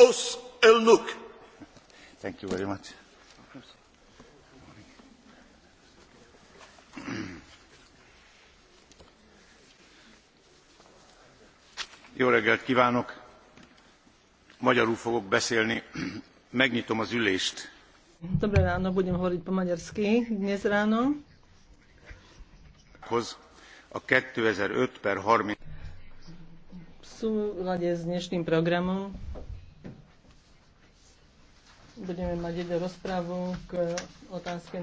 Os Elnuk. Thank you very much. Jó reggelt kívánok! Magyarul fogok beszélni. Megnyitom az ülést. Dobré ráno, budem hovoriť po maďarsky dnes ráno. Hoz a 2005 per 30 v súlade s dnešným programom budeme mať jednu rozpravu k otázke